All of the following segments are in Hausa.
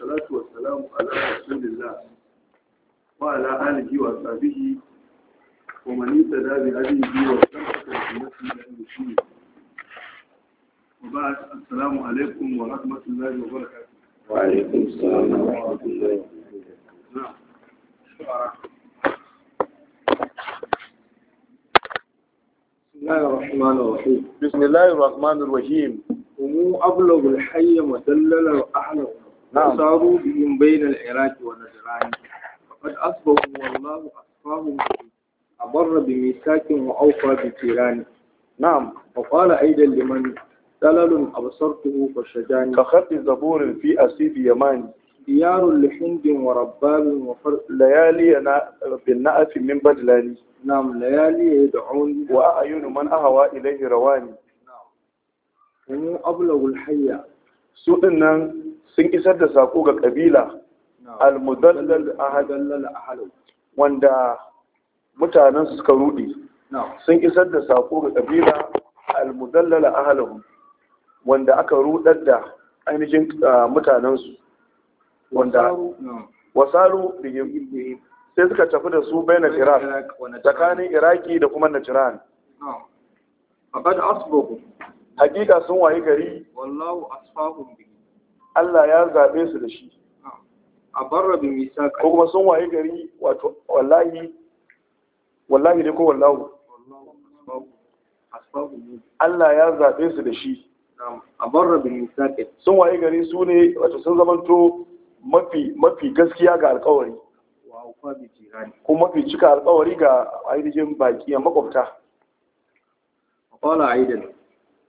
والصلاة والسلام على رسول الله وعلى آله وصحبه ومن اهتدى بهديه وصحبه بسنته وبعد السلام عليكم ورحمة الله وبركاته وعليكم السلام ورحمة الله وبركاته نعم بسم الله الرحمن الرحيم بسم الله الرحمن الرحيم ومو أبلغ الحي مدلل أهله نعم. وصاروا بهم بين العراق والنجران فقد أصبحوا والله أصفاهم أبر بميثاق وأوفى بجيران نعم وقال أيضا لمن دلل أبصرته فشجاني كخط زبور في أسيب يمان ديار لحند ورباب وفر ليالي أنا بالنأف من بدلاني نعم ليالي يدعون وأعين من أهوى إليه رواني نعم ومن أبلغ الحية سؤلنا sun isar da sako ga kabila al-mudallal ahad wanda mutanen suka rudi sun isar da sako ga kabila al-mudallal ahad wanda aka rudar da ainihin mutanen su wanda wasaru sai suka tafi da su bai na jiran tsakanin Iraki da kuma na jiran haƙiƙa hakika sun waye gari wallahu asfahun bi Allah ya zaɓe su da shi a barra bi misa ko kuma sun waye gari wato wallahi wallahi ne ko wallahu Allah ya zaɓe su da shi a barra bi misa sun waye gari su ne wato sun zamanto mafi mafi gaskiya ga alƙawari ko mafi cika alƙawari ga ainihin baki a makwabta qala aidan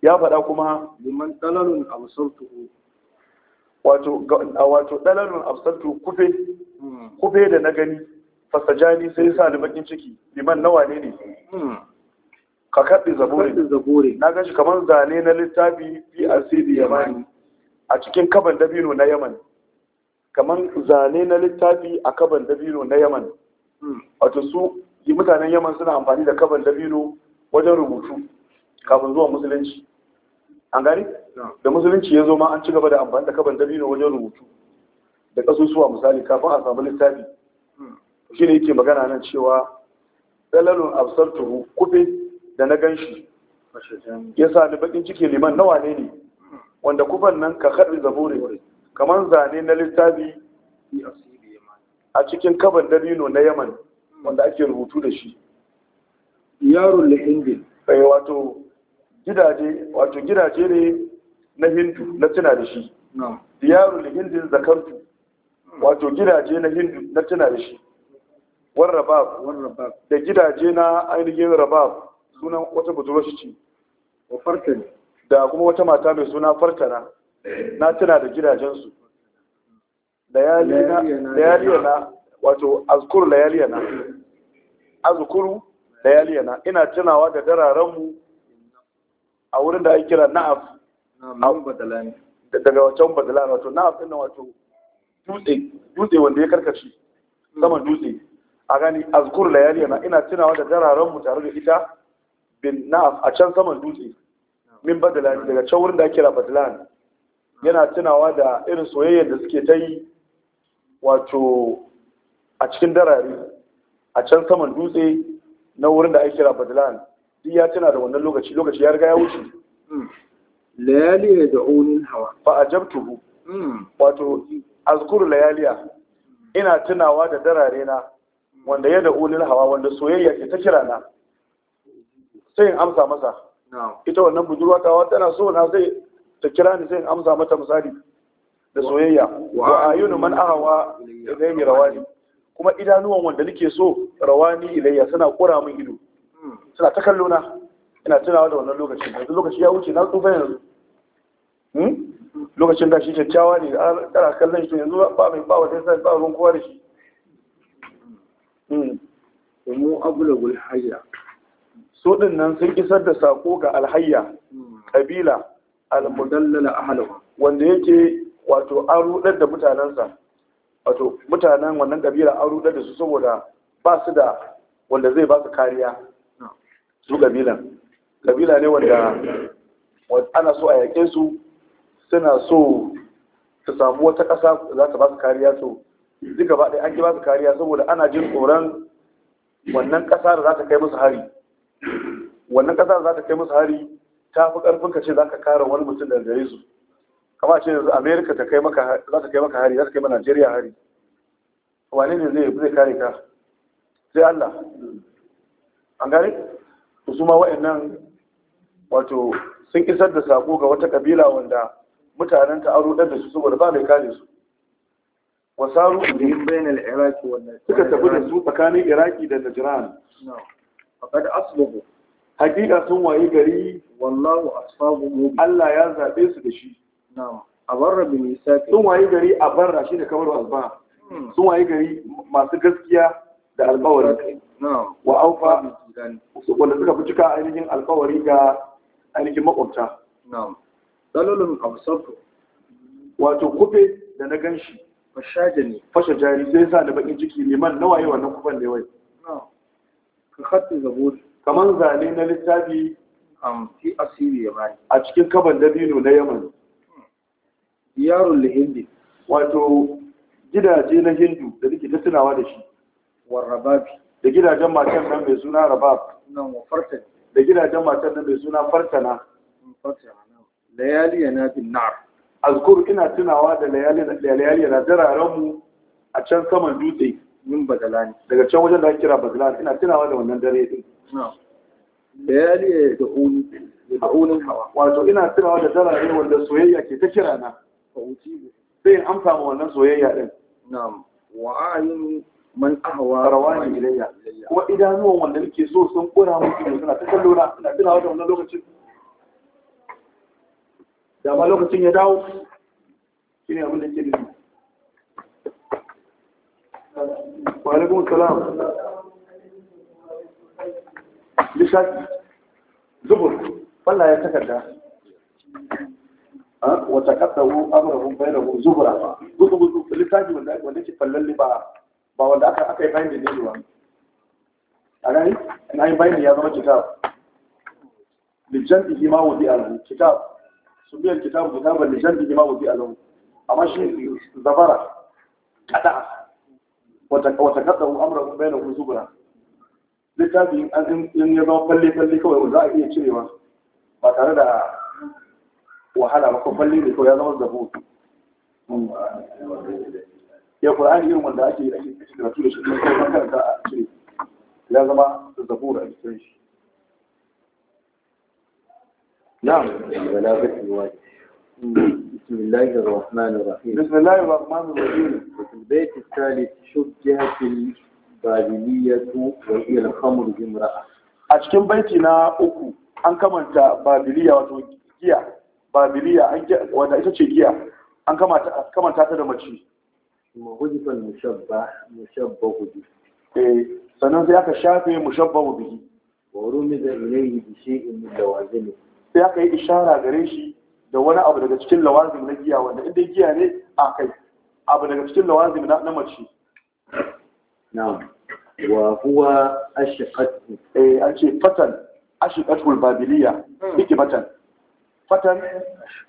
ya faɗa kuma liman dalalun absartuhu wato wato dalalun absartu kufe kufe da na gani fasajani sai sa ni bakin ciki liman nawa ne ne ka kaɗi zabore na gashi kamar zane na littafi fi asiri yamani a cikin kaban dabino na yaman kamar zane na littafi a kaban dabino na yaman wato su mutanen yaman suna amfani da kaban dabino wajen rubutu kafin zuwa musulunci an gani da musulunci ya zo ma an ci gaba da amfani da kaban dabino wajen rubutu da kasusuwa misali kafin a samu littafi hmm. shi ne yake magana nan cewa tsalalun absartuhu kufe da na gan shi ya sa ni bakin ciki liman nawa ne ne hmm. wanda kufan nan ka haɗin zabore kamar zane na littafi a cikin kaban dabino na yaman wanda ake rubutu da shi yaron lahindin eh, wato gidaje wato gidaje ne na hindu na tuna da shi diyarul hindin zakartu wato gidaje na hindu na tuna da shi war rabab da gidaje na ainihin rabab sunan wata budurwa shi ce wa da kuma wata mata mai suna fartana na tuna da gidajensu layaliyana wato azkur layaliyana azkuru layaliyana ina tunawa da dararenmu a wurin da ake kira na'af daga wancan badalan wato na'af ɗin wato dutse dutse wanda ya karkace saman hmm. dutse a gani azkur layali na ina tunawa da dararen mu tare da ita bin na'af a can saman dutse hmm. min badalan daga can wurin da ake kira badalan hmm. yana tunawa da irin soyayyar da suke ta yi wato a cikin darare a can saman dutse na wurin da ake kira badalan duk ya tana da wannan lokaci lokaci ya riga ya wuce hmm. layali ya da onin hawa fa ajabtuhu hmm. wato azkuru layaliya ina tunawa da darare na wanda ya da onin hawa wanda soyayya ke ta kira na sai in amsa masa ita wannan budurwa ta tana so na sai ta kira ni sai in amsa mata misali da soyayya wa ayunu man ahawa ilayya rawani kuma idanuwan wanda nake so rawani ilayya suna kura min ido suna ta kallona, ina tunawa da wannan lokacin yanzu lokaci ya wuce na tsufa yanzu hmm? lokacin da shi kyakkyawa ne ana kallon shi yanzu ba mai ba wata sai ba ruwan kowa da shi hmm. mu abulagul hayya so din nan sun isar da sako ga alhayya hmm. kabila al-mudallala wanda yake wato an rudar da mutanensa wato mutanen wannan kabila an rudar da su saboda ba su da wanda zai ba su kariya su kabilan kabila ne wanda ana so a yake su suna so su samu wata ƙasa za ta ba su kariya su duka ba ɗaya an ki ba su kariya saboda ana jin tsoron wannan ƙasa da za ta kai musu hari wannan ƙasa da za ta kai musu hari ta fi ƙarfin ka ce za ka kare wani mutum da gare su kama ce yanzu amerika ta kai maka za ta kai maka hari za ta kai ma nigeria hari wane ne zai zai kare ka sai allah an gane su ma wa'annan wato sun isar da sako ga wata kabila wanda mutanen ta aro da su saboda ba mai kare su wasaru bihim bainal iraki wannan suka tafi da su tsakanin iraki da najran faqad aslubu hakika sun waye gari wallahu ashabu Allah ya zaɓe su da shi na'am abarra bi misaqi sun waye gari a barra shi da kamar alba hmm. sun waye gari masu gaskiya da alƙawari wa aufa wanda suka fi cika ainihin alkawari ga ainihin makwabta dalolin absarto wato kufe da na ganshi fashaje ne fasha jari sai sa da bakin ciki neman na yi wannan kufan da wai ka khatti zabur zane na littafi am asiri ya yaman a cikin kaban dabino na yaman Yaron hindi wato gidaje na hindu da suke ta tunawa da shi warrababi da gidajen matan nan mai suna rabab da gidajen matan nan mai suna fartana layaliya na bin nar azkur ina tunawa da layaliya na mu a can saman dutse min badalani daga can wajen da kira badalani ina tunawa da wannan dare din layaliya da uni da hawa wato ina tunawa da dararen wanda soyayya ke ta kira na sai ma wannan soyayya din na'am man ahwa rawani ilayya kuma idanuwan wanda nake so sun kura musu ne suna ta kallo na ina tuna wata wannan lokacin da ma lokacin ya dawo shine abin da ke nufi wa alaikum salam lishaki zubur Allah ya takarda ah, wata kasawu amurahun bayanahun zubura ba zubu zubu littafi wanda ake fallalle ba ba wanda aka aka yi bayan da ne ba a gani ina yi bayan ya zama kitab lijan ihima wudi alahu kitab su biyar kitab kitabar lijan ihima wudi alahu amma shi zabara kada wata kada amra bayna zubura. littafi in ya zama falle falle kawai za a iya cirewa ba tare da wahala ba ko falle ne kawai ya zama zabo ya ƙur'ani irin wanda ake yi cikin da shi makaranta a ce ya zama cikin shi na'am بسم الله الرحمن الرحيم بسم الله الرحمن الرحيم البيت الثالث البابلية وهي الخمر بامرأة a cikin baiti na uku an kamanta babiliya wato giya babiliya wadda ita ce giya an kamanta ta da mace mahudifan mushabbahu bi eh, sannan sai aka shafe mushabbahu bihi wa rumiza ilayhi bi shay'in min lawazimi sai aka yi ishara gare shi da wani abu daga cikin lawazim na giya wanda inda giya ne a kai abu daga cikin lawazim na mace na'am wa huwa ashiqat eh an ce fatan ashiqatul babiliya hmm. yake fatan fatan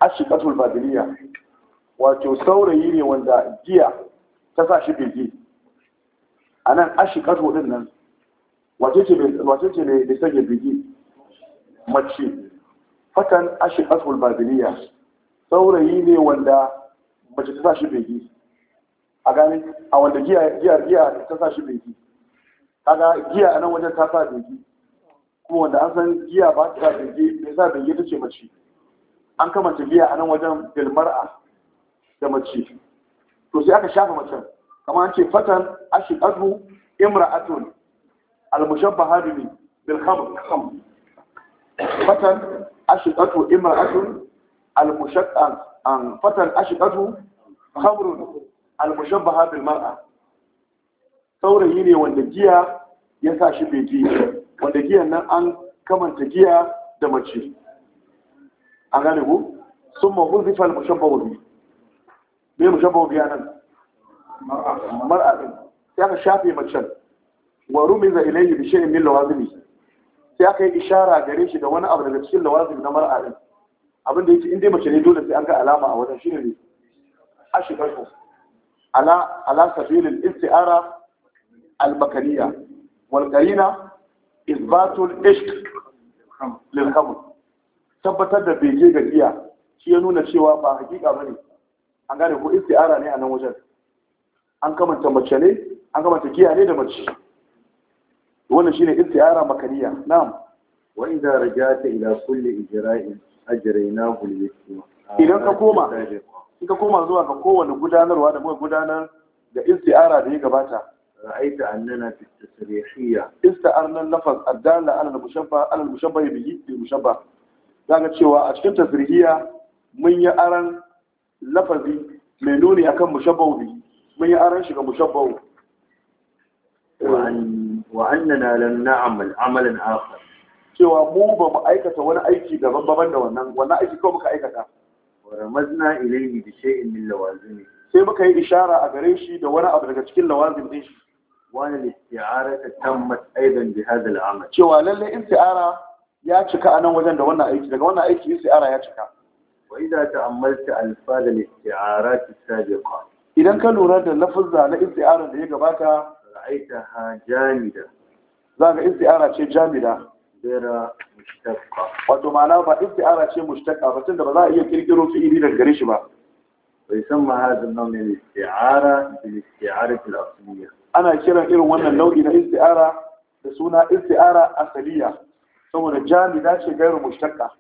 ashiqatul babiliya wato saurayi ne wanda giya ta sa shi bege a nan ashe kato din nan wace ce da sanya bege mace fatan ashe kato babiliya saurayi ne wanda mace ta sa shi bege a gani a wanda giya ta sa shi bege kaga giya a nan wajen ta sa bege kuma wanda an san giya ba ta sa bege mai sa bege ta ce mace an kamata giya a nan wajen bilmar'a da mace to sai aka shafa macen kamar an ce fatan ashiqatu imra'atun al-mushabbaha bi bil khamr fatan ashiqatu imra'atun al-mushaqqa an fatan ashiqatu khamrun al-mushabbaha bil mar'a saurayi ne wanda giya ya sa shi beki wanda giyan nan an kamanta giya da mace an gane ku sun mahu zifa al-mushabbaha me mu shafa biya nan mar'a din sai aka shafe macen wa rumiza ilayhi bi shay'in min lawazimi sai aka yi ishara gare shi da wani abu daga cikin lawazim na mar'a din abin da yake in dai mace ne dole sai an ga alama a wajen shine ne shi ala ala sabil al-isti'ara al-makaniya wal qarina isbatul ishq lil khamr tabbatar da bege ga iya shi ya nuna cewa ba hakika bane an gane ko isti'ara ne a nan wajen an kamanta mace ne an kamanta giya ne da mace wannan shine isti'ara makaniya na'am wa idza rajata ila kulli ijra'in ajraynahu lil idan ka koma in ka koma zuwa ga kowane gudanarwa da muka gudanar da isti'ara da ya gabata ra'aita annana fi tasrihiyya isti'arna lafaz addala ala al-mushabba ala al-mushabba bihi bi mushabba zaka cewa a cikin tasrihiyya mun yi aran lafazi mai nuni akan mushabbau ne mun yi aran shi ga mushabbau wa annana lan na'mal amalan akhar cewa mu ba mu aikata wani aiki daban daban da wannan wannan aiki kawai muka aikata wa ramazna ilayhi bi shay'in min lawazimi sai muka yi ishara a gare shi da wani abu daga cikin lawazim din shi wani isti'ara ta tammat aidan bi hadha al-amal cewa lalle isti'ara ya cika a nan wajen da wannan aiki daga wannan aiki isti'ara ya cika وإذا تأملت ألفاظ الاستعارات السابقة إذا كان لورا ده لفظ ده اللي هي رأيتها جامدة ذاك استعارة شيء جامدة غير مشتقة wato ma'ana ba istiara ce mushtaka ba tunda ba za a iya ƙirƙiro fi'ili daga gare shi ba bai san ma hada nau'in istiara bil istiara ana kiran irin wannan nau'i na istiara da suna istiara asaliya saboda jami'a ce gairu mushtaka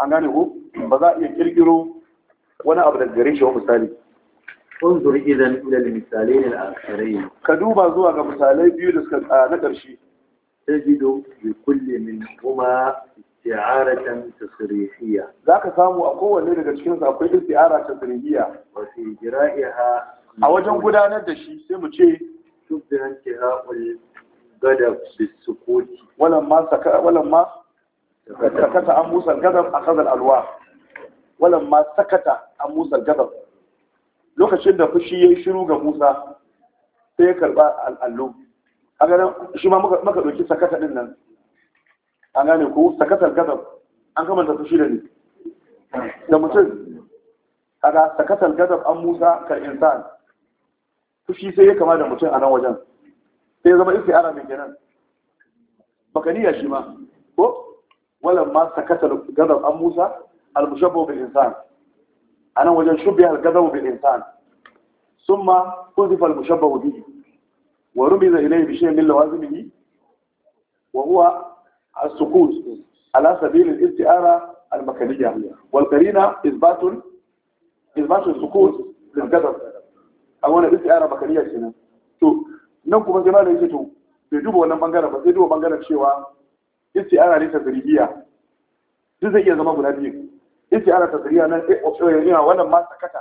an gane ko ba za a iya kirkiro wani abu da gare shi wa misali انظر ne a المثالين Ka duba zuwa ga misalai biyu da suka na karshe tajidu bi kulli min huma isti'aratan tasrihiyya zaka samu a kowanne daga cikin su akwai isti'ara tasrihiyya wa fi jira'iha a wajen gudanar da shi sai mu ce subhan tihaqul gadab bis sukuti walamma saka walamma sakata an musa gadab a kazar alwa walan ma sakata an musa lokacin da fushi ya yi shiru ga musa sai ya karba al'allo a ganin shi ma ɗauki sakata ɗin nan gane ko sakatar gadab an kamanta fushi da da mutum sakatar an musa fushi sai ya kama da mutum a nan wajen sai ya zama istiara mai kenan niya shi ma ko walan ma sakata gadab an Musa al-mushabbu bil anan wajen shubbiha al-gadab bil insan thumma uzifa al-mushabbu bihi wa rubiza ilayhi bi shay'in min lawazimihi wa huwa as-sukut ala sabil al-isti'ara al-makaniyya wal qarina ithbatun ithbatun sukut lil gadab a wannan isti'ara makaniyya kenan to kuma sai yake to bai duba wannan bangaren ba sai duba bangaren cewa ana ne tasiriya duk zai iya zama guda biyu isti'ara tasiriya nan yana eh, oh, eh, wannan ma sakata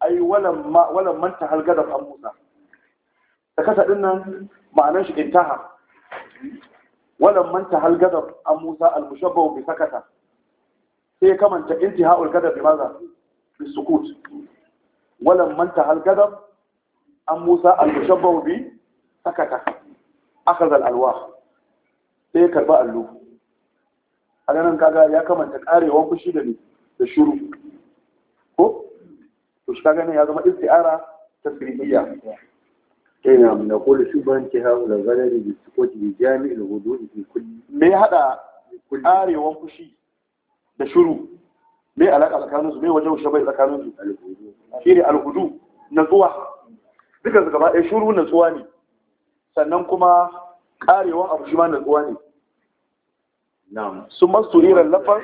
ai wannan ma wannan man ta halgada an musa sakata din nan ma'anar shi intaha wannan man ta halgada an musa al-mushabbahu bi sakata sai kamanta intiha'ul gadab bi maza bi sukut wannan man ta halgada an musa al-mushabbahu bi sakata akhadha al-alwah sai ya karba allo a ganin kaga ya kamanta karewa fushi da ne da shuru ko to shi kaga ne ya zama isti'ara tasrihiyya ina eh, na kullu shuban ki haula galari bi sukuti bi jami'il wudu'i fi kulli me hada karewa fushi da shuru me alaka tsakanin su me wajen shabai tsakanin su shi ne alhudu natsuwa duka su gaba ɗaya shuru zuwa ne sannan kuma karewan abu shi ma natsuwa ne Su masu masturiran lafaz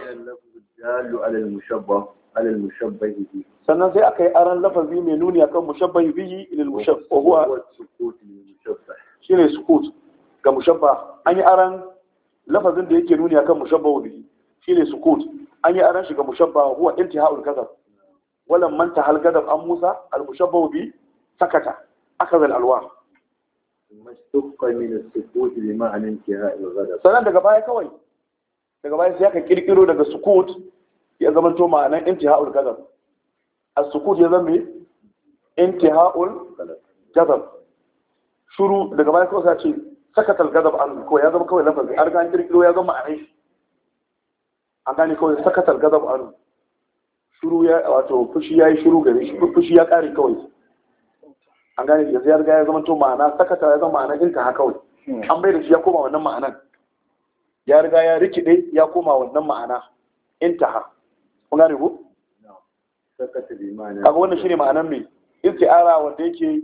sannan sai aka yi aran lafazi mai nuni akan mushabbahi bihi ilal mushabba huwa shine sukut ga mushabba an yi aran lafazin da yake nuni akan mushabba bihi shine sukut an yi aran shi ga mushabba huwa intihaul kadhab walam man tahal kadhab an musa al mushabba bi sakata akazal alwa mashtuqqa min as-sukut bi ma'na intihai al-ghadab sanan daga baya kawai daga baya sai aka kirkiro daga sukut ya zama to ma'anan intihaul ghadab as-sukut ya zama intihaul ghadab shuru daga baya kawai sai ce sakata al-ghadab an ko ya zama kawai lafazi an ga kirkiro ya zama ma'anan shi an gane kawai sakata al-ghadab an shuru ya wato fushi yayi shuru gare shi fushi ya kare kawai an gane da ya riga ya zama to ma'ana sakata ya zama ma'ana jinka haka kawai hmm. an bai da shi ya koma wannan ma'anan ya riga ya rikide ya koma wannan ma'ana intaha kun gane ma'ana kaga wannan shine ma'anan me isti'ara wanda yake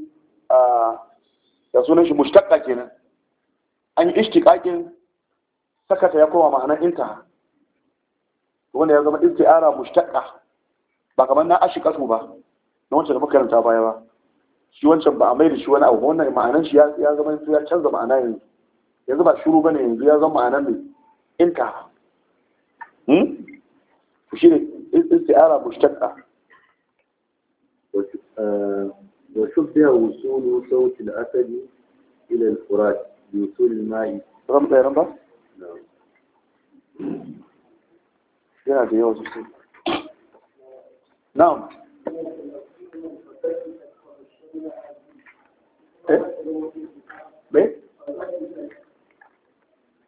a da sunan shi mushtaqqa kenan an yi ishtiqaqin sakata ya koma ma'anan intaha wanda ya zama isti'ara mushtaqqa ba kamar na ashiqatu ba na wancan da muka karanta baya ba shi wancan ba a mai da shi wani abu wannan ma'anan shi ya zama yanzu ya canza ma'ana yanzu yanzu ba shuru bane yanzu ya zama ma'anan ne inta hmm ku shi ne isti'ara mushtaqa eh, wa shubbiha wusulu sawt al-asad ila al-furat bi wusul al-ma'i ramba eh, ramba yana da yawa sosai na'am eh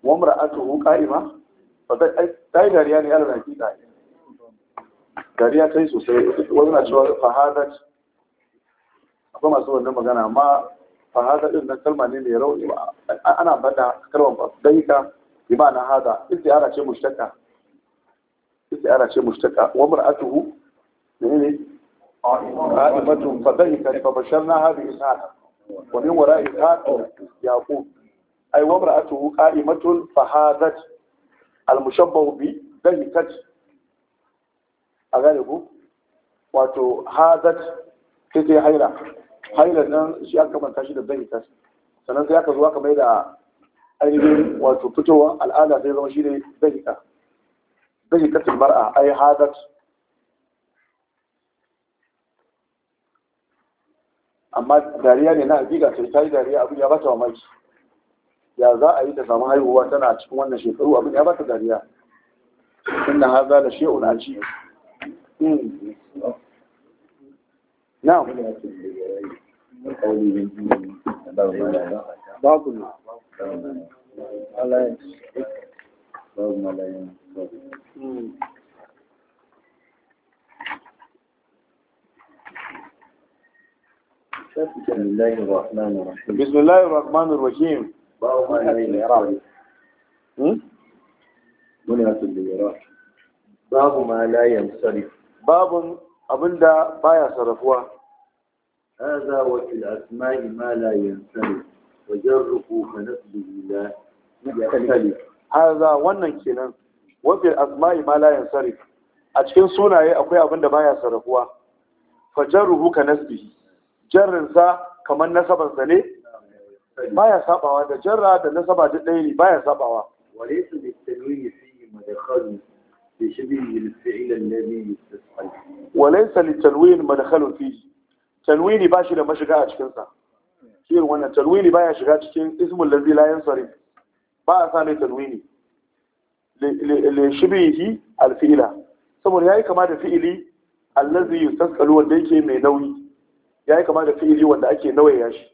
wa mar'atuhu ba fa yi dariya ne alal hakika dariya kai sosai wani na cewa fahadat akwai masu wannan magana amma fahadar ɗin na kalma ne mai rauni ana bada kalmar daika bi na hada Ita istiara ce mushtaka istiara ce mushtaka wa mar'atuhu ne ne qa'imatun fa daika fa basharnaha bi ishaq wa min wara'i qatil yaqub ay wa mar'atuhu qa'imatun fa hadat al mushabbahu bi dahikat a gane ku wato ta haila haila shi shi da dahikat sannan sai aka zo aka mai da ainihin wato fitowar al'ada sai zama shi ne dahika dahikatul mar'a ay hadat amma dariya ne na hakika sai ta yi dariya abin ya bata wa maki ya za a yi ta samu haihuwa tana cikin wannan shekaru abin ya bata dariya inna haza la shay'un ajib hmm. na'am babu na babu hmm. بسم الله الرحمن الرحيم بسم الله الرحمن الرحيم باب منهة الإعراب منهة باب ما لا ينصرف باب ابن دا baya sarrafuwa هذا وفي الاسماء ما لا ينصرف وجره فنسبه لا ينصرف هذا wannan kenan وفي الأسماء ما لا ينصرف a cikin sunaye akwai abinda baya sarrafuwa fajarruhu ka nasbihi jarrinsa kamar nasabarsa ne baya sabawa da jarra da nasaba duk ɗaya ne baya sabawa wale litanwini fihi madkhalu bi shibhi al fi, tanwini ba shi da mashiga a cikinsa. sa shi wannan ba ya shiga cikin ismul ladhi layan yansarif ba a sa ne tanwini li shibhi al-fi'la saboda yi kama da fi'ili allazi yustasqalu wanda yake mai nauyi ya yi kama da fi'ili wanda ake nawaya shi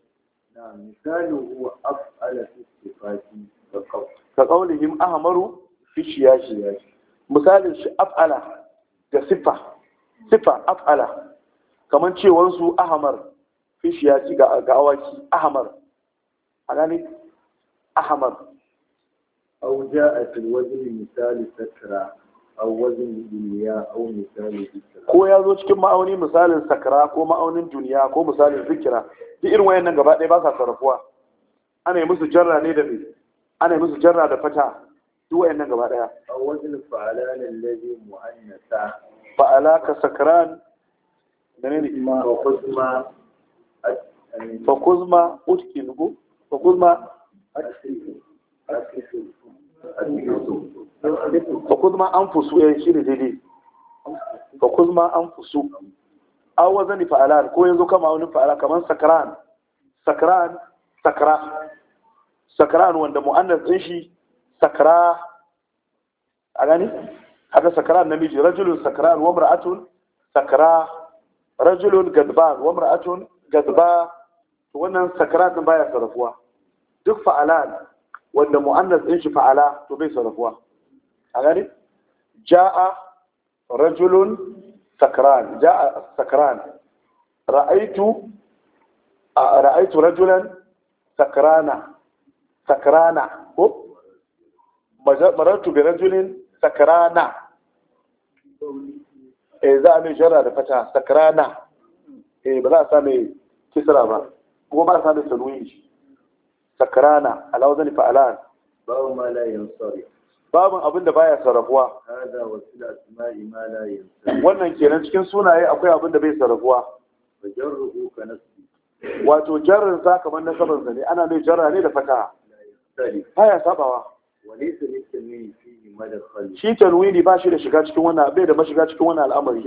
misaluhu af'ala fi sifati ka qawlihim ahmaru fi shiyashi misalin shi af'ala da siffa siffa af'ala kaman cewar su ahmar fi shiyashi ga ga ahmar a gane ahmar aw ja'a fil wajhi misali satra ko ya zo cikin ma'auni misalin sakara ko ma'aunin duniya ko misalin zikira da irin wayannan gaba ɗaya ba sa sarrafuwa ana yi musu jarra ne da ana yi musu jarra da fata duk wayannan gaba ɗaya fa'ala ka sakara menene ma fa kuzma fa kuzma utkin ko fa'kuzma fa an fusu ya eh, shi ne daidai fa an fusu an ni fa'alan ko yanzu kama wani fa'ala kamar sakran sakran sakra sakran wanda mu'annas ɗin shi sakra a gani haka sakran namiji rajulun sakran wa atun sakra rajulun gadban wa atun gadba wannan sakran ɗin baya sarrafuwa duk fa'alan wanda mu'annas din shi fa'ala to bai sarrafuwa a gani ja'a rajulun sakran ja'a sakran ra'aitu ra'aitu rajulan sakrana sakrana ko marartu bi rajulin sakrana eh za a mai jara da fata sakrana eh ba za a sami kisra ba kuma ba a sami shi sakrana alawzan fa'alan babu ma la yansari babun baya sarrafuwa hada wasila asma'i ma la yansari wannan kenan cikin sunaye akwai abin da bai sarrafuwa jarruhu ka nasbi wato jarrin sa kamar nasaban sa ana mai jarra ne da fata baya sabawa walaysa litanwini fihi madkhal shi tanwini ba shi da shiga cikin wannan bai da mashiga cikin wannan al'amari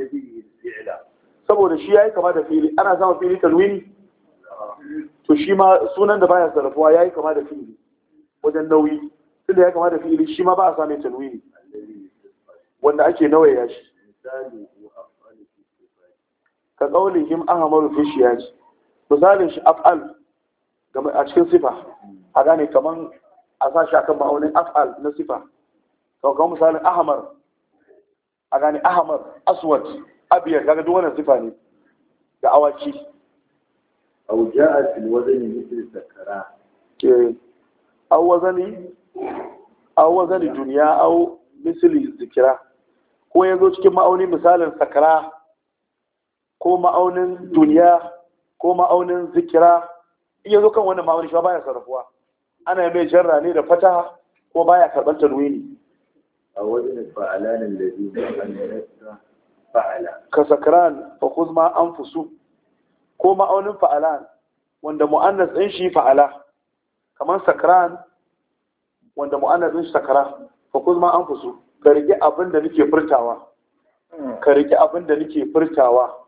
saboda shi yayi kama da fili ana sama fili tanwini to shi ma sunan da baya sarrafuwa yayi kama da fi'ili wajen nauyi tunda ya kama da fi'ili shi ma ba a samun tanwini wanda ake nawaya shi ka yin ahmaru fi shiyaj misalin shi af'al a cikin sifa a gane kaman a sa shi akan ma'aunin af'al na sifa to kamar misalin ahmar a gane ahmar aswad abiyar kaga duk wannan sifa ne da awaki أو جاء في الوزن مثل سكران أو وزن أو وزن الدنيا أو مثل الذكرى ko ya zo cikin ma'aunin misalin sakara ko ma'aunin duniya ko ma'aunin zikira kan wannan ma'aunin shi baya sarrafuwa ana mai jarra ne da fataha ko baya karɓar tanwini a wajen fa'alanin da zai fa'ala ka sakran fa kuzma an fusu ko ma'aunin fa'ala, wanda mu'annas ɗin shi fa'ala kamar sakran wanda mu'annas ɗin shi sakara fa kuma an fusu ka riƙe abin da nake furtawa ka riƙe abin da nake furtawa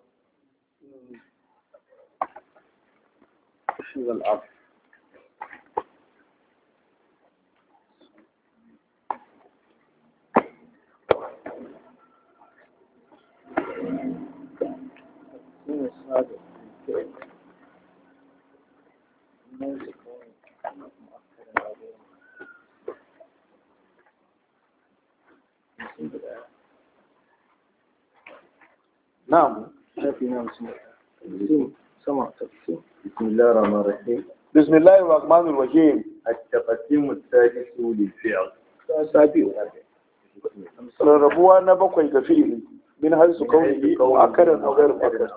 Thank you. نعم شافي نعم سمع تقسيم بسم الله الرحمن الرحيم بسم الله الرحمن الرحيم التقسيم السادس للفعل سابق ربوانا نبقى كفيه من حيث كونه مؤكدا أو غير مؤكد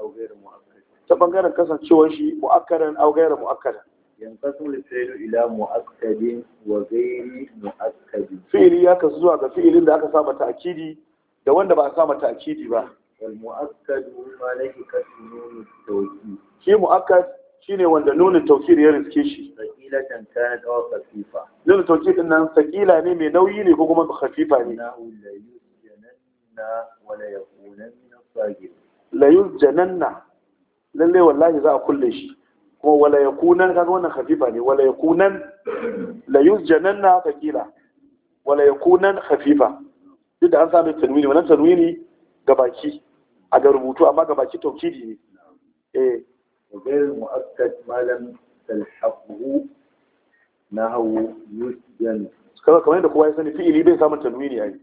ta bangaren kasancewar shi mu'akkadan aw ghayra mu'akkadan yanqasmu al-fi'lu ila mu'akkadin wa ghayri mu'akkadin fi'li ya kasu zuwa ga fi'ilin da aka saba ta'kidi da wanda ba a saba ta'kidi ba wal mu'akkad ma lahi kasmu tawkid shi mu'akkad shine wanda nunin tawkid ya riske shi sakilatan kana da khafifa nunin tawkid din nan sakila ne mai nauyi ne ko kuma khafifa ne la yusjananna wa la yakuna min as-sajid la yusjananna lalle wallahi za a kulle shi kuma wala kunan kan wannan Hafifa ne wala kunan la yusjananna Fakila. wala kunan hafifa duk da an samu tanwini wannan tanwini ga baki a ga rubutu amma ga baki taukidi ne eh غير مؤكد ما لم nahu نحو jan kaga kamar yadda kowa ya sani fi'ili bai samun tanwini ai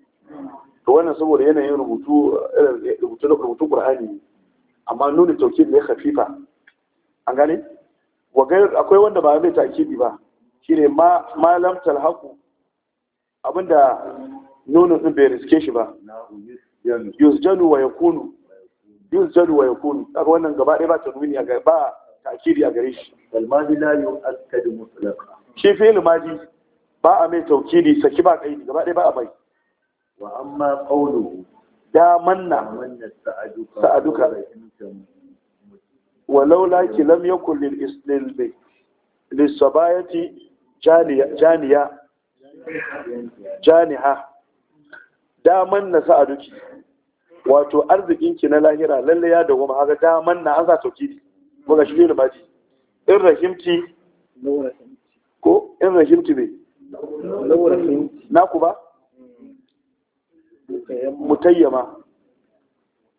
to wannan saboda yanayin rubutu eh, rubutu na rubutu qur'ani amma nuna taukid ne khafifa an gane wa akwai wanda ba mai taukidi ba shine ma malam lam talhaqu abinda nunun din bai riske shi ba yusjanu wa yakunu yusjanu wa yakunu kaga wannan gaba ɗaya ba tanwini ga ba ta'kidi a gare shi almadi la yu'akkadu mutlaqa shi fi'il madi ba a mai taukidi saki ba kai gaba ɗaya ba a bai. wa amma qawlu da manna sa'aduka walaula ki lam yakun lil islil lissabayati janiya janiha daman na sa'aduki wato arzikinki na lahira lalle ya dawo ma haka daman na an sa tauki muka shi ne maji in rahimti ko in rahimti ne na ku ba mutayyama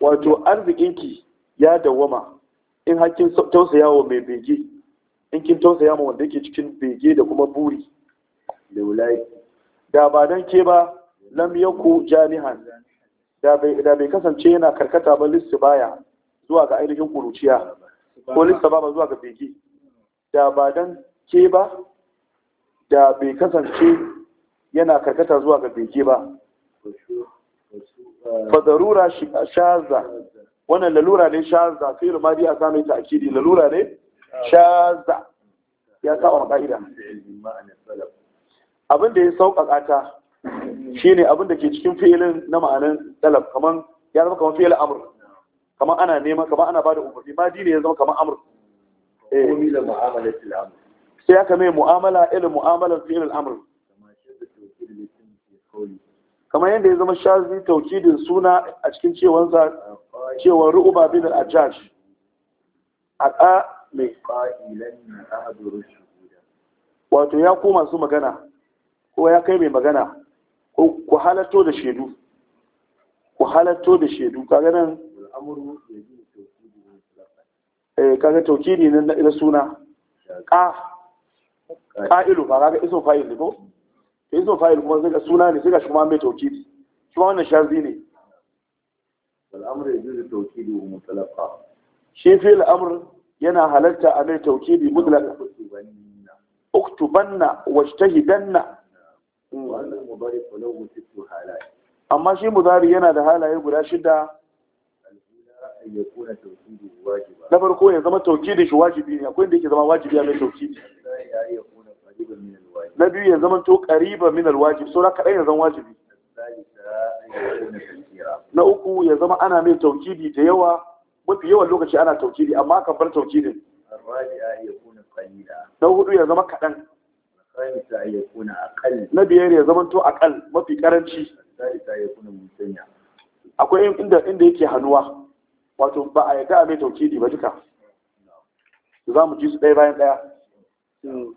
wato arzikinki ya dawwama in hakkin tausaya wa mai bege in kin tausaya ma wanda yake cikin bege da kuma buri da ba dan ke ba lam yaku jami'an. da bai kasance yana karkata ba lissu baya zuwa ga ainihin kuruciya ko lissu ba zuwa ga bege da ba dan ke ba da bai kasance yana karkata zuwa ga bege ba fa darura shaza wannan lalura ne shaza sai rumadi ya same ta akidi lalura ne shaza ya saba ma ka'ida abin da ya sauƙaƙa ta shine abin da ke cikin fi'ilin na ma'anin talab kaman ya zama kaman fi'ilin amr kaman ana nema kaman ana bada umarni madi ne ya zama kaman amr eh. sai aka mai mu'amala ilin mu'amalar fi'ilin amr kamar yadda ya zama shazi taukidin suna a cikin cewansa cewar ru'uba bin al-ajaj a ka mai wato ya ku masu magana ko ya kai mai magana ko ku halatto da shaidu ku halatto da shaidu kaga nan eh kaga taukidi na suna ka ilu ba kaga iso fa'il ne ko to zo fa'il kuma sai ga suna ne sai ga shi kuma mai tawkidi shi wannan sharzi ne wal amru yajuzu tawkidi mutlaqa shi fi'il amr yana halarta a mai tawkidi mutlaqa uktubanna wajtahidanna amma shi mudari yana da halaye guda shida na farko ya zama tawkidi shi wajibi ne akwai inda yake zama wajibi a mai tawkidi na biyu ya zama to ƙariba min alwajib saura kaɗan ya zama wajibi na uku ya zama ana mai taukidi da yawa mafi yawan lokaci ana taukidi amma aka bar taukidin na hudu ya zama kaɗan na biyar ya zama to akal mafi ƙaranci. akwai inda inda yake hannuwa wato ba a yadda mai taukidi ba duka za mu ji su ɗaya bayan ɗaya hmm.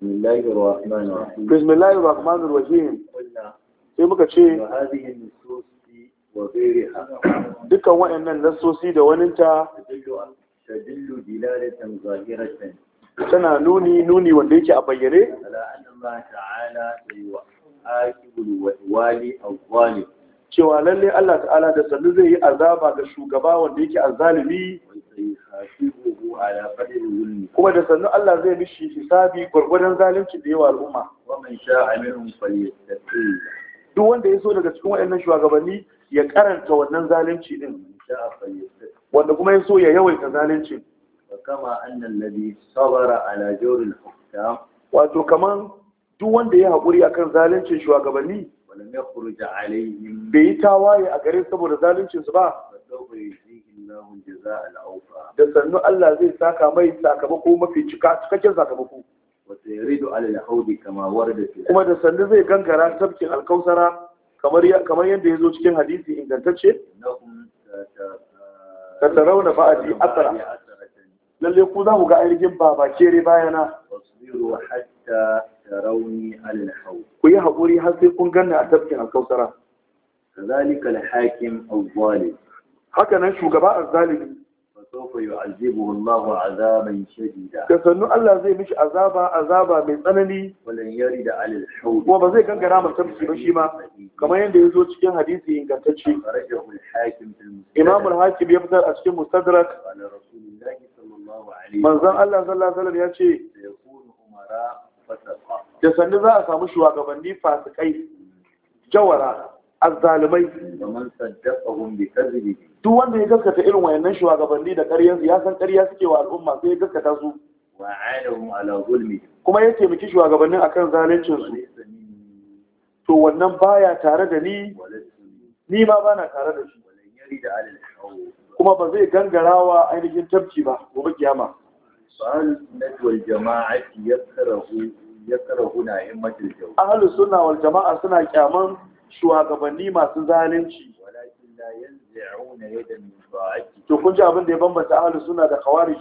بسم الله الرحمن الرحيم sai muka ce dukkan waɗannan nasosi da waninta tana nuni nuni wanda yake a bayyane ala ta ta'ala wa akibul cewa lalle Allah ta'ala da sannu zai yi azaba ga shugaba wanda yake azzalimi kuma da sannu Allah zai mishi hisabi gwargwadon zalunci da yawa al'umma duk wanda ya so daga cikin waɗannan shugabanni ya karanta wannan zalunci din wanda kuma ya so ya yawaita zalunci kama annan nabi sabara ala jawril hukam wato kaman duk wanda ya haƙuri akan zaluncin shugabanni walam yakhruj alaihim bai tawaye a gare saboda zaluncin su ba da sannu Allah zai saka mai sakamako mafi cikakken sakamako kuma da sannu zai gangara tafkin alkausara kamar yadda ya zo cikin hadisi ingantacce ka tarauna ba'adi asara lalle ku za ku ga ainihin babakere bayana hatta tarawni al-haw ku yi hakuri har sai kun ganna a tafkin al-kausara kazalika al-hakim al-zalim haka nan shugaba az-zalimi fa sawfa yu'azibuhu Allah 'azaban shadida da sannu Allah zai mishi azaba azaba mai tsanani walan da al-haw ko ba zai gangara mu tafki ba shi ma kamar yadda yazo cikin hadisi ingantacce Imam al-Hakim ya fitar a cikin Mustadrak manzon Allah sallallahu alaihi wasallam ya ce da sannu za a samu shugabanni fasikai jawara Zalimai. duk wanda ya gaskata irin wayannan shugabanni da karyansu, ya san karya suke wa al'umma sai ya gaskata su kuma ya taimaki shugabannin akan zaluncinsu to wannan baya tare da ni ni ma bana tare da shi kuma ba zai gangarawa ainihin tabci ba gobe kiyama yakrahuna immatul wal jama'a suna kyaman shugabanni masu zalunci walakin la yanzi'una yadan min to kun ji abin da ya bambanta ahlus sunna da khawarij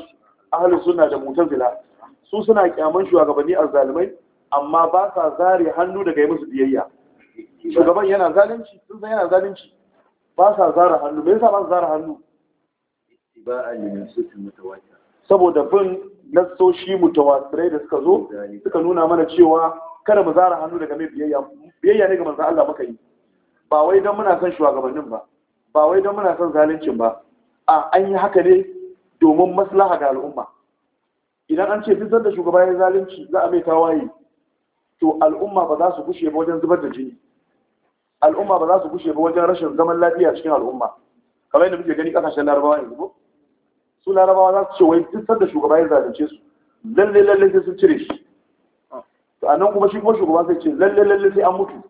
ahlus sunna da mu'tazila su suna kyaman shugabanni azzalimai amma ba sa zare hannu daga yi musu biyayya shugaban yana zalunci sun san yana zalunci ba sa zara hannu me yasa ba sa zara hannu saboda bin nassoshi mutawatirai da suka zo suka nuna mana cewa kada mu zara hannu daga mai biyayya biyayya ne ga manzon Allah muka yi ba wai don muna son shugabannin ba ba wai don muna son zaluncin ba a an yi haka ne domin maslaha ga al'umma idan an ce fitar da shugaba ya zalunci za a mai tawaye to al'umma ba za su gushe ba wajen zubar da jini al'umma ba za su gushe ba wajen rashin zaman lafiya cikin al'umma kamar yadda muke gani kasashen larabawa yanzu ko su larabawa za su ce wai duk sanda shugaba ya zalunce su lalle lalle sai sun cire shi nan kuma shi kuma shugaba sai ce lalle lalle sai an mutu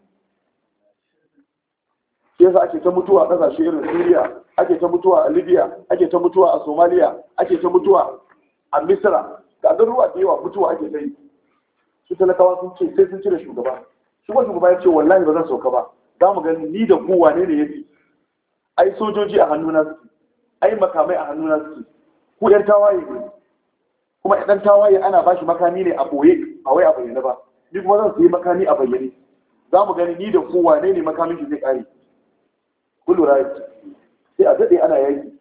shi yasa ake ta mutuwa a kasashe irin Syria ake ta mutuwa a Libya ake ta mutuwa a Somalia ake ta mutuwa a Misra ga ruwa da yawa mutuwa ake ta yi su talakawa sun ce sai sun cire shugaba shi kuma shugaba ya ce wallahi ba zan sauka ba za mu gani ni da ku wane ne yake ai sojoji a hannuna suke ai makamai a hannuna suke ku ɗan tawaye ne kuma ɗan tawaye ana ba shi makami ne a ɓoye a wai a bayyane ba ni kuma zan sayi makami a bayyane za mu gani ni da ku wane ne makamin shi zai ƙare ku lura sai a daɗe ana yanki,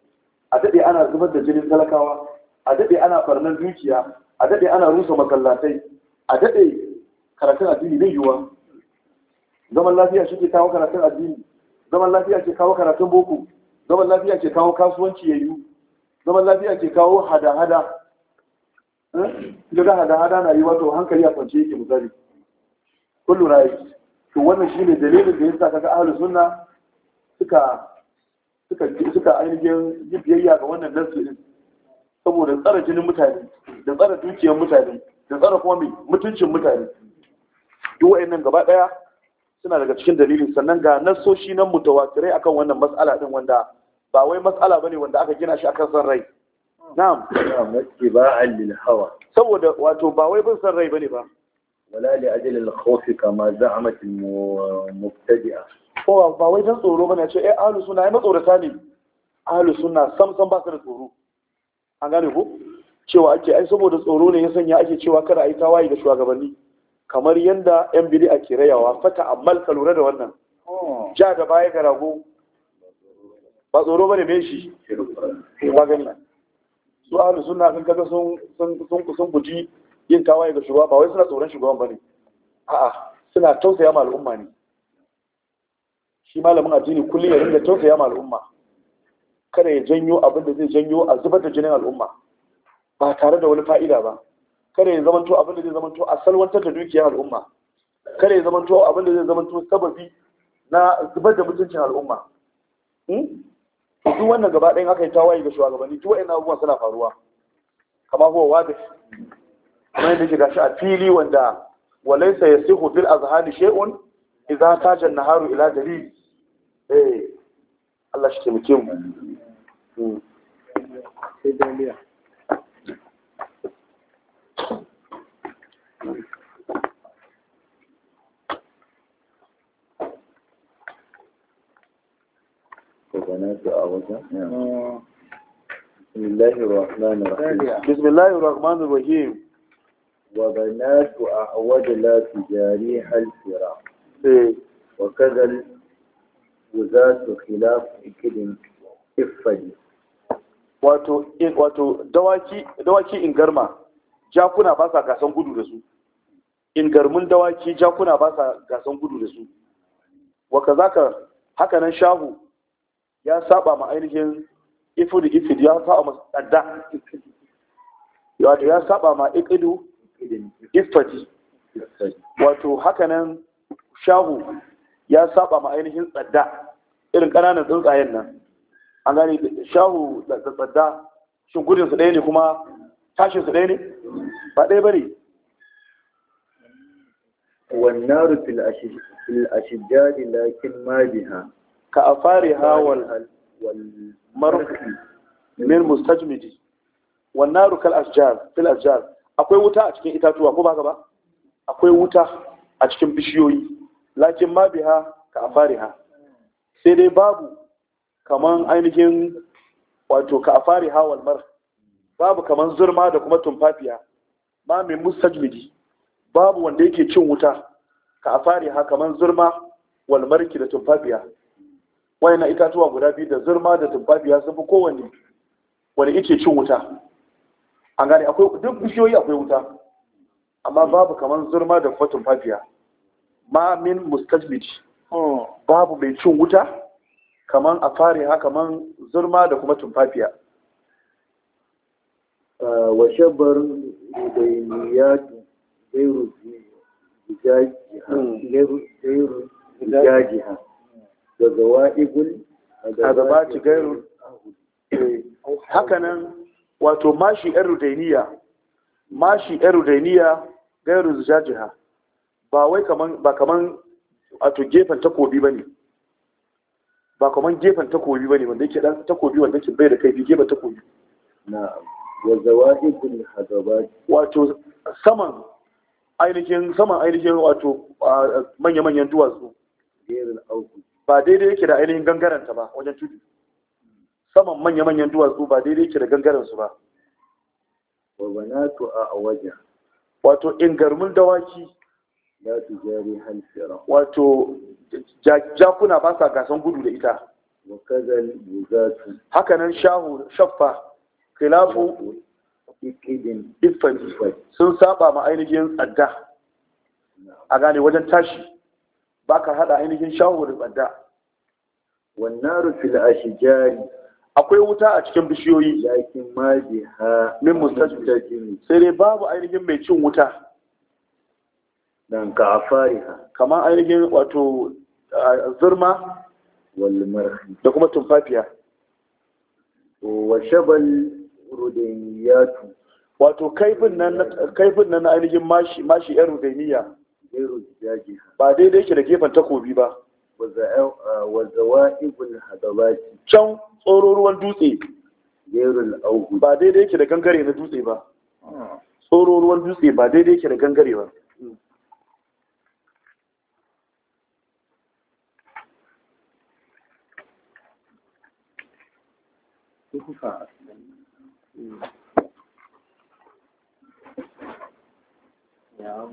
a daɗe ana zubar da jinin talakawa a daɗe ana farnan dukiya a daɗe ana rusa masallatai a daɗe karatun addini zai yiwuwa zaman lafiya shi ke kawo karatun addini zaman lafiya ke kawo karatun boko zaman lafiya ke kawo kasuwanci ya yiwu zaman lafiya ke kawo hada-hada eh? daga hada-hada na yi wato hankali a kwance yake misali kullu rayu to wannan shi ne dalilin da ya sa kaga ahlus sunna suka suka suka ainihin yi biyayya ga wannan nasu ne saboda tsara jinin mutane da tsara dukiyar mutane da tsara kuma mai mutuncin mutane duk wa'annan gaba daya suna daga cikin dalilin sannan ga nasoshi nan mutawatirai akan wannan mas'ala din wanda ba wai matsala bane wanda aka gina shi akan san rai na'am ba lil hawa saboda wato ba wai bin san rai bane ba wala li ajli al khawf kama za'amat al mubtadi'a ko ba wai dan tsoro bane ce eh ahlus sunna ai matsorata ne ahlus sunna sam sam ba su da tsoro an gane ko cewa ake ai saboda tsoro ne ya sanya ake cewa kada ai tawaye da shugabanni kamar yanda yan bid'a ke rayawa fata amma ka lura da wannan oh. ja da baya ga rago ba tsoro ba ne me shi ba su ahlus suna sun kaga sun sun guji yin tawaye ga shugaba ba wai suna tsoron shugaban ba ne. a'a suna tausaya ma al'umma ne shi malamin addini kullum ya ringa tausaya ma al'umma kada ya janyo abin da zai janyo a zubar da jinin al'umma ba tare da wani fa'ida ba kada ya zamanto abin da zai zamanto a salwantar da dukiyar al'umma kada ya zamanto abin da zai zamanto sababi na zubar da mutuncin al'umma hmm? duk wannan gaba ɗayan aka yi tawaye ga shugabanni duk wa'in abubuwan suna faruwa kama huwa wadi Kuma yadda shiga shi a fili wanda walaisa ya sihu fil azhani idan ta taja na naharu ila dari eh Allah shi taimake mu hmm. بنات أعوذة بسم الله الرحمن الرحيم بسم الله وبنات أعوج لا تجاري الفرا وكذا الوزاة خلاف إكل إفدي wato wato dawaki dawaki ingarma jakuna ba sa gasan gudu da su ingarmin dawaki jakuna ba sa gasan gudu da su wa haka nan shahu ya saba ma ainihin ifu da ifid ya saba ma tsada wato ya saba ma ikidu ifadi wato hakanan shahu ya saba ma ainihin tsada irin ƙananan tsuntsayen nan an gani shahu da tsada shin gudun su ɗaya ne kuma tashin su ɗaya ne ba ɗaya bane wannan rufin ashidjadi lakin ma ka a fari afari hawal marfi min mustajmidi wannan rukal asjar fil asjar akwai wuta a cikin itatuwa ko ba ka ba akwai wuta a cikin bishiyoyi lakin ma biha ka a fari ha sai dai babu kaman ainihin wato ka a fari hawal mar babu kaman zurma da kuma tumfafiya ma min mustajmidi babu wanda yake cin wuta ka a fari ha kaman zurma wal marki da tumfafiya na itatuwa guda biyu da zurma da tumfafiya sun fi kowanne wani ice cin wuta an gane akwai duk bishiyoyi akwai wuta amma babu kamar zurma da kuma tumfafiya ma min mustajmid hmm. babu mai cin wuta kamar a fari ha kamar zurma da kuma tumfafiya eh, wa shabar mudayniyat gairu zijajiha hmm. gairu zijajiha da zawa'ibul azabati gairu eh, hakanan wato mashi yan mashi yan gairu zujajiha ba wai ba kaman wato gefen takobi bane ba kaman gefen takobi bane wanda yake dan takobi wanda yake bai da kai gefen takobi wa wato saman ainihin saman ainihin wato manya-manyan duwatsu ba daidai yake da ainihin gangaranta ba wajen tudu saman manya-manyan duwatsu ba daidai yake da gangaransu ba wa to a wajen wato ingarmin dawaki la tujari jari hansira wato jakuna ba sa gasan gudu da ita wa buzatu hakanan shahu shaffa khilafu ikidin ifani sun saba ma ainihin tsadda a gane wajen tashi baka hada ainihin shahu da tsadda والنار في الأشجار akwai wuta a cikin bishiyoyi lakin ma biha min mustajjin sai dai babu ainihin mai cin wuta dan ka afariha kamar ainihin wato zurma wal marhi da kuma tumfafiya wa shabal rudaniyatu wato kaifin nan kaifin nan ainihin mashi mashi yan rudaniya ba daidai yake da gefen takobi ba wa zawa'ibul hadabati can tsororuwan dutse gairul auhu ba daidai yake da gangare na dutse ba tsororuwan dutse ba daidai yake da gangare ba Yeah,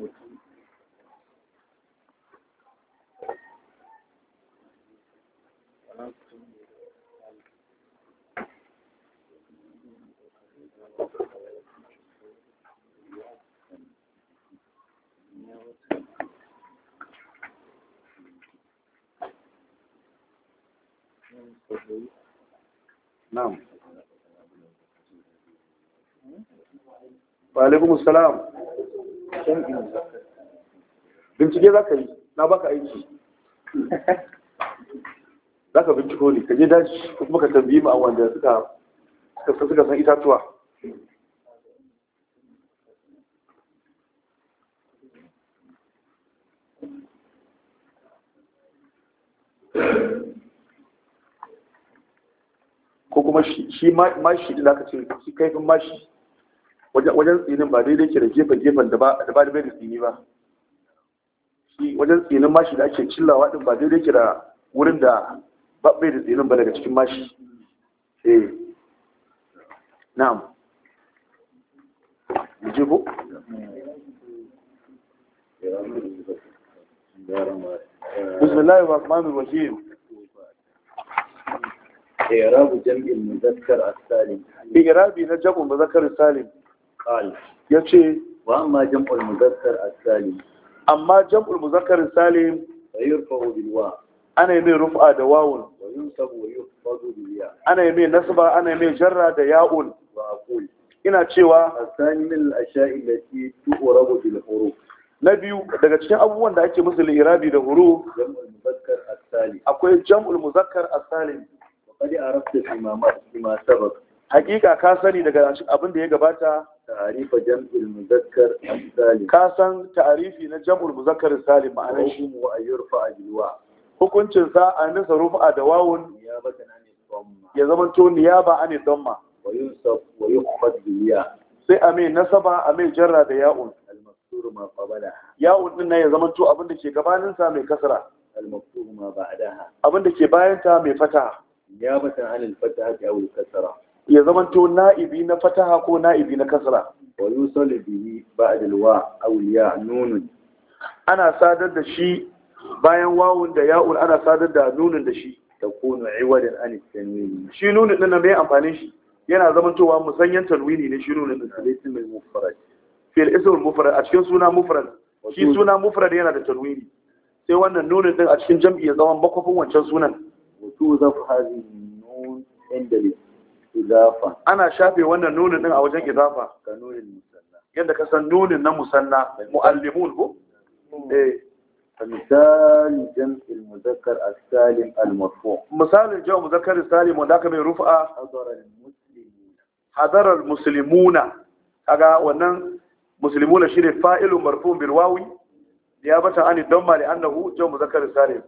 alaikum salam bincike za ka yi na baka aiki za ka binciko ne ka je daji kuma ka tambayi ma wanda suka suka san itatuwa ko kuma shi mashi da aka ce shi kaifin mashi wajen tsinin ba daidai ke da gefen gefen da ba da bai da tsini ba wajen tsinin mashi da ake cillawa din ba daidai ke da wurin da ba bai da tsinin ba daga cikin mashi eh na'am je ko بسم الله الرحمن إعراب جمع المذكر السالم إعرابي نجم المذكر السالم ya ce wa amma jam'ul muzakkar as-salim amma jam'ul muzakkar salim yurfa'u bil wa ana yi mai rufa da wawun wa yunsabu wa yufadu bil ya ana yi mai nasba ana yi mai jarra da ya'un wa aqul ina cewa asani min al-ashya'i allati tu'rabu bil huruf na biyu daga cikin abubuwan da ake musu lirabi da huru akwai jam'ul muzakkar as-salim wa qad arafta fi ma ma sabaq hakika ka sani daga abin da ya gabata ta'arifa jam'ul muzakkar salim ka san ta'arifi na jam'ul muzakkar salim ma'anar shi mu ayyurfa ajluwa hukuncin sa an nisa rufa da wawun ya zama to niyaba ani damma wa yunsaf wa yukhmad bi sai a mai nasaba a mai jarra da ya'un al-maksur ma qabala ya'un din nan ya zama to abin da ke gabanin sa mai kasra al-maksur ma ba'daha abin da ke bayan ta mai fataha niyabatan anil fataha aw al-kasra ya zamanto na'ibi na fataha ko na'ibi na kasra wa yusalli bihi ba'da alwa awliya nunun ana sadar da shi bayan wawun da ya'un ana sadar da nunun da shi Ta kunu iwadan an tanwin shi nunun din nan mai amfani shi yana zamantowa musanyan tanwini ne shi nunun din sai mai mufrad fil ism mufrad a cikin suna mufrad shi suna mufrad yana da tanwini sai wannan nunun din a cikin jam'i ya zama makwafin wancan sunan wa zafu hazi nun inda idafa ana shafe wannan nunin din a wajen idafa ga nunin musanna yadda ka san nunin na musanna muallimun ko eh misali jam'il muzakkar as-salim al-marfu misalin jam'u muzakkar salim wanda aka mai rufa hadara al-muslimuna kaga wannan muslimuna shine fa'ilun marfu'un bil wawi niyabata ani damma li annahu jam'u muzakkar salim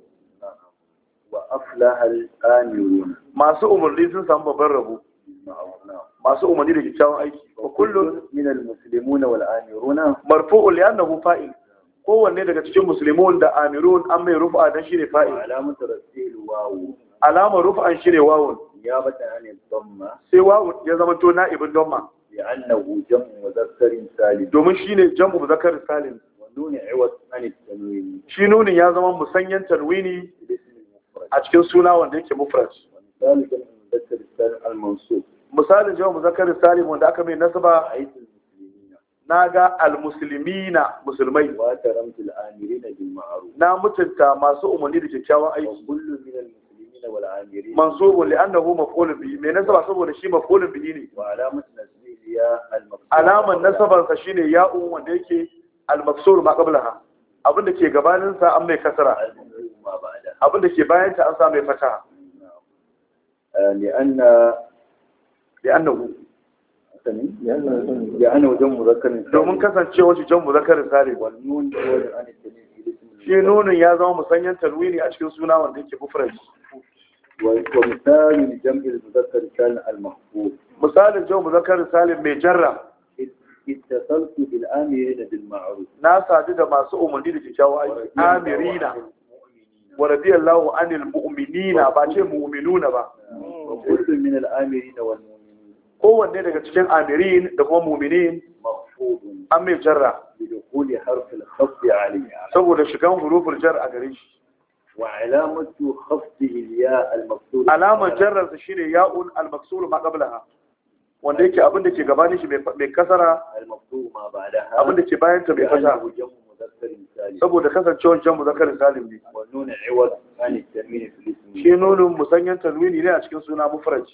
wa aflaha al-amirun masu umurni sun samu babban rabo masu umarni da kyakkyawan aiki wa kullun min al-muslimun wal amiruna marfu'un li annahu fa'il kowanne daga cikin muslimun da amirun an mai rufa dan shine fa'il alamatu rasil wawu Alama rufa'an shine wawun ya bata ne dhamma sai wawun ya zama to na'ibin dhamma li'annahu jam'u mudhakkarin salim domin shine jam'u mudhakkarin salim nuni iwat an tanwini shi nunin ya zama musanyan tanwini a cikin suna wanda yake mufrad misali jam'u mudhakkar salim al-mansub misalin jawon muzakari salim wanda aka mai nasaba na ga Al-Musulmina musulmai na mutunta masu umarni da kyakkyawan aiki wani li'annahu mafolin bihi mai nasaba saboda shi mafolin bihi ne alamun nasabarsa shine ya'un wanda yake al-maksur ma qablaha abinda ke gabanin sa an mai kasara abinda ke bayan an sa mai fata لأنه لأنه جم مذكر domin kasancewa shi jan muzakarin sare shi nunin ya zama musanyen talwini a cikin suna wanda yake mufrad wa misali jam'il muzakkar salim al misalin jam muzakkar salim mai jarra ittasaltu bil amirina bil ma'ruf na sadu da masu umarni da kyakkyawan amirina wa anil mu'minina ba ce mu'minuna ba kowanne daga cikin amirin da kuma muminin an mai jarra saboda shigan hurufin jar a gare shi Alamar خفضه الياء المكسور ya'un al شيء ياء wanda yake abin da ke gabanin shi mai kasara abin da ke bayan ta mai kasa saboda kasancewar jan muzakarin salim ne shi nunin musanyen talwini ne a cikin suna mufaraci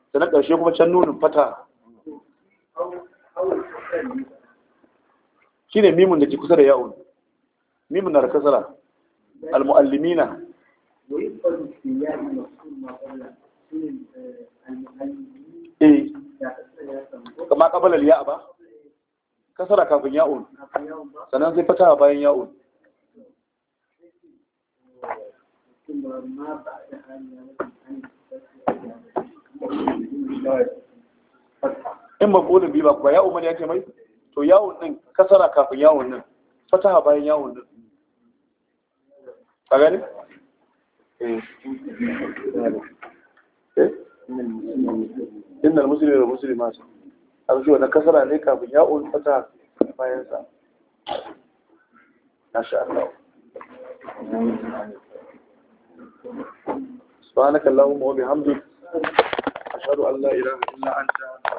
da na ƙarshe kuma can nunin fata shi ne mimun da ke kusa da ya'un mimun na da kasara al-mu'allimina eh kama kabalar ya'a ba kasara kafin ya'un sannan sai fata bayan ya'un Thank you. in mafulin biyu ba ya ya'un ya ce mai to yawon din kasara kafin yawon nan fataha bayan yawon nan a gani? Eh. musulmi eh? da musulmi masu a zuwa na kasara ne kafin yawon fataha bayan sa na sha Allah سبحانك اللهم وبحمدك أشهد أن لا إله إلا أنت